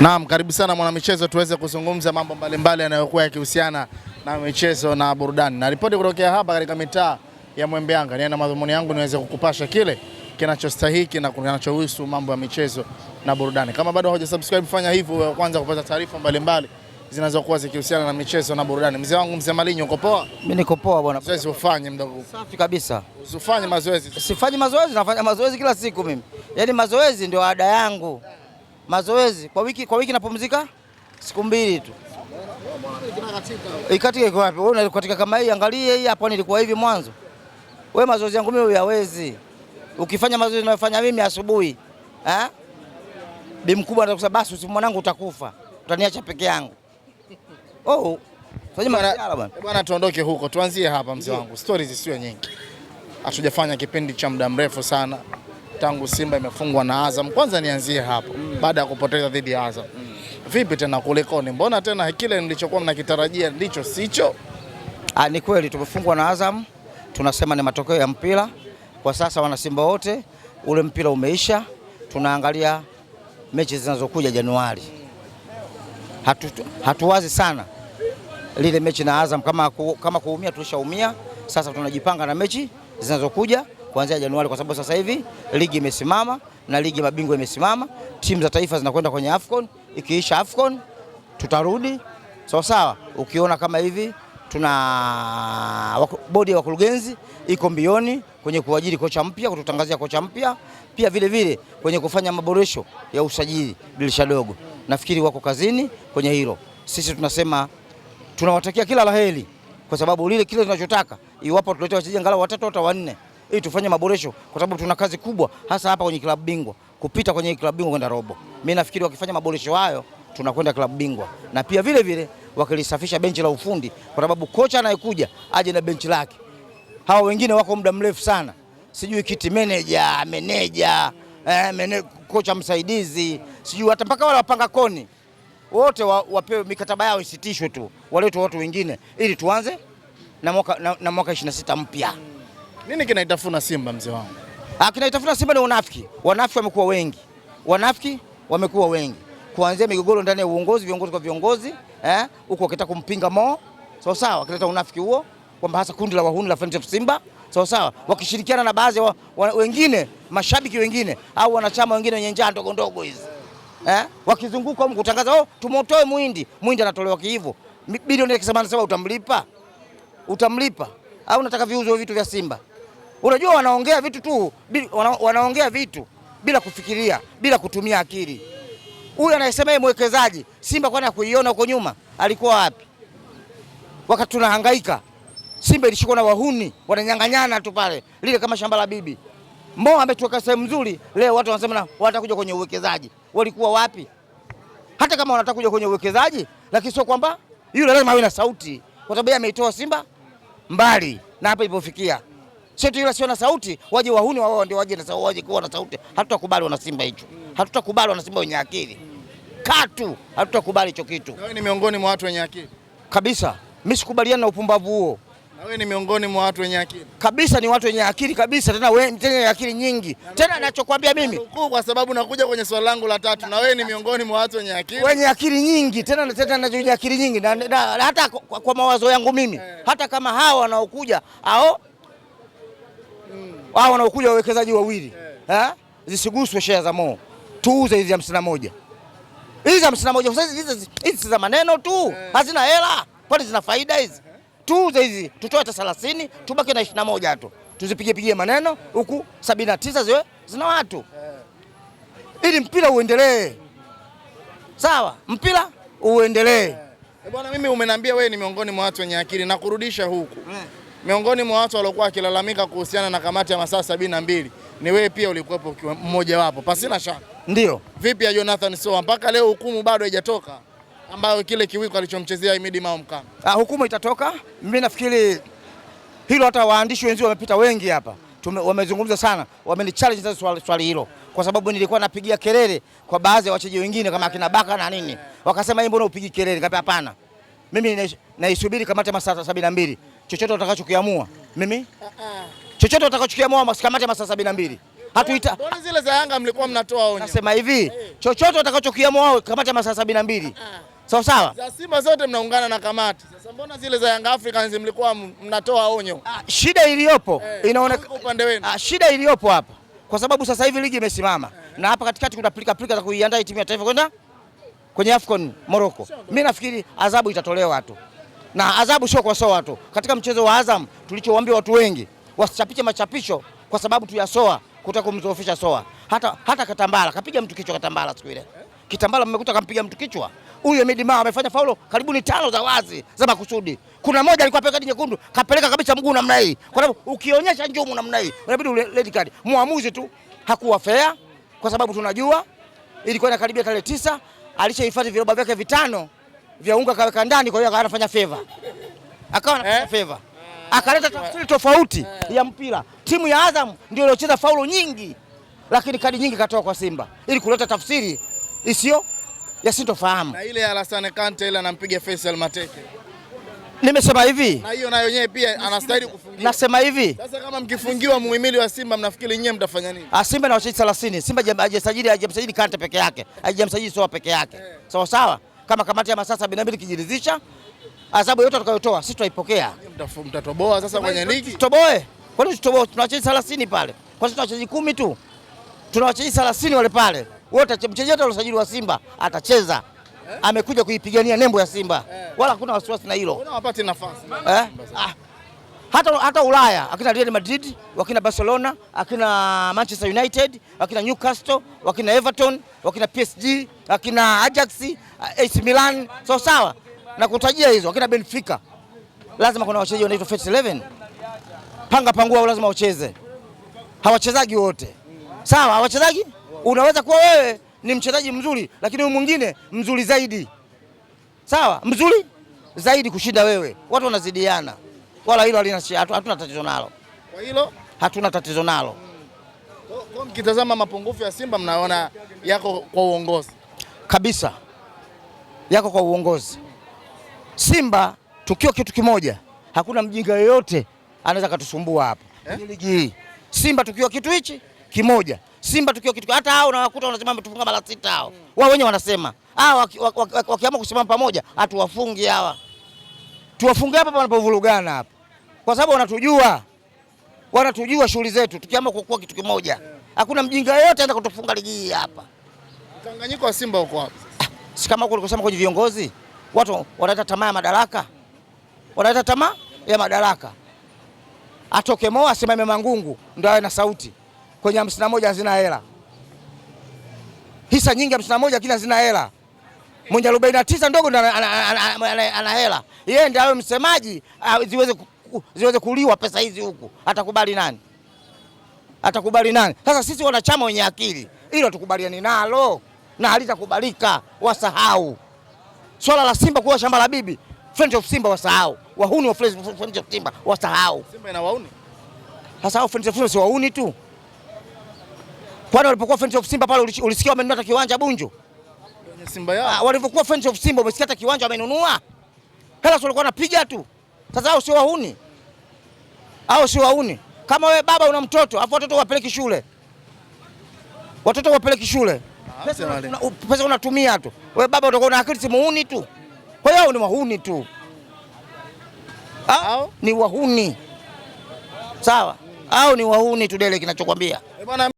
Naam, karibu sana mwanamichezo, tuweze kuzungumza mambo mbalimbali yanayokuwa yakihusiana na michezo na burudani na ripoti kutokea hapa katika mitaa ya Mwembe Yanga, niana madhumuni yangu niweze kukupasha kile kinachostahiki na kinachohusu mambo ya michezo na burudani. Kama bado subscribe, fanya hivyo kwanza kupata taarifa mbalimbali zinazokuwa zikihusiana na michezo na burudani. Mzee wangu mzee Malinyo, uko poa? Mimi niko poa bwana. Mazoezi ufanye mdogo. Safi kabisa. Usifanye mazoezi? Sifanyi mazoezi, nafanya mazoezi kila siku mimi. Yaani mazoezi ndio ada yangu mazoezi kwa wiki, kwa wiki napumzika siku mbili tu. Ikatika iko wapi? Wewe unakatika kama hii, angalie hii hapo, nilikuwa hivi mwanzo. Wewe mazoezi yangu mimi huyawezi. Ukifanya mazoezi ninayofanya mimi asubuhi, eh? Bi mkubwa atakusema basi, usifu mwanangu, utakufa, utaniacha peke yangu. Oh. Bwana, tuondoke huko, tuanzie hapa mzee wangu. Stories sio nyingi, hatujafanya kipindi cha muda mrefu sana tangu Simba imefungwa na Azam, kwanza nianzie hapo mm. baada ya kupoteza dhidi ya Azam mm. vipi tena kulikoni? Mbona tena kile nilichokuwa mnakitarajia ndicho sicho? Ah, ni kweli tumefungwa na Azam, tunasema ni matokeo ya mpira kwa sasa. Wanasimba wote, ule mpira umeisha, tunaangalia mechi zinazokuja Januari. Hatu, hatuwazi sana lile mechi na Azam, kama, ku, kama kuumia tulishaumia. Sasa tunajipanga na mechi zinazokuja kuanzia Januari, kwa sababu sasa hivi ligi imesimama na ligi ya mabingwa imesimama, timu za taifa zinakwenda kwenye Afcon. Ikiisha Afcon tutarudi sawa sawa. Ukiona kama hivi tuna bodi ya wakurugenzi iko mbioni kwenye kuajiri kocha mpya, kututangazia kocha mpya pia vile vile kwenye kufanya maboresho ya usajili dirisha dogo. Nafikiri wako kazini kwenye hilo. Sisi tunasema tunawatakia kila laheri, kwa sababu lile kile tunachotaka, iwapo tulete wachezaji angalau watatu au wanne ili tufanye maboresho, kwa sababu tuna kazi kubwa, hasa hapa kwenye klabu bingwa, kupita kwenye klabu bingwa kwenda robo. Mimi nafikiri wakifanya maboresho hayo tunakwenda klabu bingwa, na pia vile vile wakilisafisha benchi la ufundi, kwa sababu kocha anayekuja aje na benchi lake. Hawa wengine wako muda mrefu sana, sijui kiti meneja, meneja eh, kocha msaidizi, sijui hata mpaka wale wapanga koni wote wapewe wa mikataba yao isitishwe tu, waletwe watu wengine ili tuanze na mwaka, na, na mwaka 26 mpya. Nini kinaitafuna Simba mzee wangu? Ah, kinaitafuna Simba ni wanafiki. Wanafiki wamekuwa wengi, wanafiki wamekuwa wengi, kuanzia migogoro ndani ya uongozi, viongozi kwa viongozi eh, huko wakitaka kumpinga Mo sawa sawa, wakileta unafiki huo kwamba hasa kundi la wahuni la Friends of Simba sawa sawa, wakishirikiana na baadhi wa, wa, wengine mashabiki wengine au wanachama wengine wenye njaa ndogo ndogo hizi eh, wakizunguka huko kutangaza oh, tumotoe muhindi, muhindi anatolewa kihivo bilioni 87, utamlipa utamlipa au nataka viuzo vitu vya Simba Unajua wanaongea vitu tu wana, wanaongea vitu bila kufikiria bila kutumia akili. Huyu anayesema yeye mwekezaji Simba, kwani akuiona huko nyuma alikuwa wapi? Wakati tunahangaika Simba ilishikwa na wahuni, wananyang'anyana tu pale, lile kama shamba la bibi. Mo ametoka sehemu nzuri, leo watu wanasema wanataka kuja kwenye uwekezaji, walikuwa wapi? Hata kama wanataka kuja kwenye uwekezaji, lakini sio kwamba yule lazima awe na sauti, kwa sababu yeye ameitoa Simba mbali na hapa ilipofikia. Sio tu yule sio na sauti, waje wahuni wao ndio waje na sauti, waje kuwa na sauti. Hatutakubali wana Simba hicho. Hatutakubali wana Simba wenye akili. Katu, hatutakubali hicho kitu. Na wewe ni miongoni mwa watu wenye akili. Kabisa. Mimi sikubaliani na upumbavu huo. Na wewe ni miongoni mwa watu wenye akili. Kabisa ni watu wenye akili kabisa tena wewe tena akili nyingi. Na tena ninachokuambia mimi. Kwa sababu nakuja kwenye swali langu la tatu na, wewe ni miongoni mwa watu wenye akili. Wenye akili nyingi tena na tena na akili nyingi na, na, na, hata kwa, kwa mawazo yangu mimi. Eh. Hata kama hawa wanaokuja hao hao wanaokuja wawekezaji wawili eh, zisiguswe share za Mo, tuuze hizi hamsini na moja hizi hamsini na moja hizi za maneno tu, hazina hela kwani zina faida hizi? Tuuze hizi tutoe hata thelathini, tubaki na ishirini na moja tu tuzipigepige maneno huku, sabini na tisa ziwe zina watu ili mpira uendelee. Sawa, mpira uendelee eh, bwana. Mimi umeniambia wewe ni miongoni mwa watu wenye akili, nakurudisha huku. Eh. Miongoni mwa watu waliokuwa wakilalamika kuhusiana na kamati ya masaa sabini na mbili ni wewe pia ulikuwepo mmoja wapo, pasina shaka. Ndio vipi ya Jonathan Soa, mpaka leo hukumu bado haijatoka, ambayo kile kiwiko alichomchezea Imidi Mao Mkama. Ah, hukumu itatoka. Mimi nafikiri hilo hata waandishi wenzi wamepita wengi hapa wamezungumza sana, challenge sasa swali, swali hilo kwa sababu nilikuwa napigia kelele kwa baadhi ya wachezaji wengine kama akina Baka na nini, wakasema yeye mbona upigi kelele? Kapi hapana, mimi naisubiri kamati ya masaa sabini na mbili chochote utakachokiamua mimi chochote utakachokiamua msikamate masaa sabini na mbili hatuita bodi zile za Yanga mlikuwa mnatoa onyo. Nasema hivi eh. chochote utakachokiamua wao kamata masaa sabini na mbili ah. sawa sawa. Za Simba zote mnaungana na kamati. Sasa mbona zile za Young Africans mlikuwa mnatoa onyo? Ah, Shida iliyopo hey, eh, inaonekana upande wenu. Ah, Shida iliyopo hapa kwa sababu sasa hivi ligi imesimama eh. na hapa katikati kuna pilika pilika za kuiandaa timu ya taifa kwenda kwenye AFCON Morocco. Mimi nafikiri adhabu itatolewa tu na adhabu sio kwa soa tu. Katika mchezo wa Azam tulichowaambia watu wengi wasichapiche machapisho kwa sababu tu ya soa, kutaka kumzoofisha soa. Hata, hata Katambala kapiga mtu kichwa. Katambala siku ile Kitambala mmekuta kampiga mtu kichwa huyo Midima amefanya faulo karibu ni tano za wazi za makusudi. Kuna moja alikuwa kadi nyekundu kapeleka kabisa mguu namna hii, kwa sababu ukionyesha njumu namna hii unabidi red card. Muamuzi tu hakuwa fair, kwa sababu tunajua ilikuwa inakaribia tarehe tisa, alishahifadhi viroba vyake vitano vya unga kaweka ndani, kwa hiyo akawa anafanya favor, akawa anafanya eh? favor, akaleta tafsiri tofauti eh, ya mpira. Timu ya Azam ndio iliocheza faulu nyingi, lakini kadi nyingi katoa kwa Simba ili kuleta tafsiri isiyo ya yasintofahamu. Na ile ya Alassane Kante ile anampiga Faisal Mateke Nimesema hivi na hiyo nayo yenyewe pia anastahili kufungiwa. Nasema hivi sasa, kama mkifungiwa muhimili wa Simba, mnafikiri nyinyi mtafanya nini? Ah, Simba na wachezaji 30. Simba hajamsajili hajamsajili Kante peke yake, hajamsajili Soa peke yake, eh. sawa sawa kama kamati ya masaa sabini na mbili ikijiridhisha adhabu yote tutakayotoa sisi tutaipokea. Mtatoboa sasa kwenye ligi? Tutoboe. Kwani tutoboe? Tuna wachezaji 30 pale. Kwa sisi tuna wachezaji 10 tu. Tuna wachezaji 30 wale pale. Wote mchezaji wote aliosajili wa Simba atacheza. Eh? Amekuja kuipigania nembo ya Simba. Eh. Wala hakuna wasiwasi na hilo. Unawapati nafasi. Eh? Ah hata, hata Ulaya akina Real Madrid wakina Barcelona akina Manchester United wakina Newcastle wakina Everton wakina PSG akina Ajax eh, AC Milan so sawa na kutajia hizo akina Benfica, lazima kuna wachezaji wanaitwa first 11 panga pangua, lazima wacheze. Hawachezaji wote sawa, hawachezaji. Unaweza kuwa wewe ni mchezaji mzuri, lakini huyu mwingine mzuri zaidi, sawa, mzuri zaidi kushinda wewe, watu wanazidiana wala hilo hatuna tatizo nalo, kwa hilo hatuna tatizo nalo. Kwa mkitazama mapungufu ya Simba mnaona yako kwa uongozi kabisa, yako kwa uongozi. Simba tukiwa kitu kimoja, hakuna mjinga yoyote anaweza katusumbua hapa eh? hii Simba tukiwa kitu hichi kimoja, Simba tukiwa kitu hata hao unawakuta wanasema tufunga mara sita hao mm. wao wenyewe wanasema ah, wakiamua waki, waki, waki kusimama pamoja hatuwafungi hawa, tuwafunge hapa panapovurugana hapa kwa sababu wanatujua, wanatujua shughuli zetu, tukiamua kuokoa kitu kimoja. Hakuna mjinga yoyote anaweza kutufunga ligi hii hapa. Mkanganyiko wa Simba uko wapi? Ah, si kama huko ulikosema kwenye viongozi, watu wanaleta tamaa ya madaraka, wanaleta tamaa ya madaraka. Atoke Moa asimame Mangungu ndio awe na sauti kwenye hamsini na moja hazina hela, hisa nyingi hamsini na moja kila hazina hela mwenye arobaini na tisa ndogo ana hela yeye, ndio awe msemaji ziweze huku ziweze kuliwa pesa hizi huku, atakubali nani? Atakubali nani? Sasa sisi wanachama wenye akili, hilo tukubaliani nalo na halitakubalika. Wasahau swala la Simba kuwa shamba la bibi Friends of Simba wasahau, wahuni wa Friends of Simba wasahau. Simba ina wauni sasa, Au Friends of Simba si wauni tu. Kwani walipokuwa Friends of Simba pale ulisikia wamenunua hata kiwanja Bunju kwenye Simba yao? Ah, walipokuwa Friends of Simba umesikia hata kiwanja wamenunua? Hela walikuwa wanapiga tu. Sasa au sio wahuni? au si wauni? Kama wewe baba una mtoto afu watoto wapeleki shule, watoto wapeleki shule, pesa unatumia tu. Wewe baba utakuwa na akili, si muuni tu? Kwa hiyo ni wahuni tu, au ni wahuni sawa, au ni wahuni tu, dele kinachokwambia. Eh,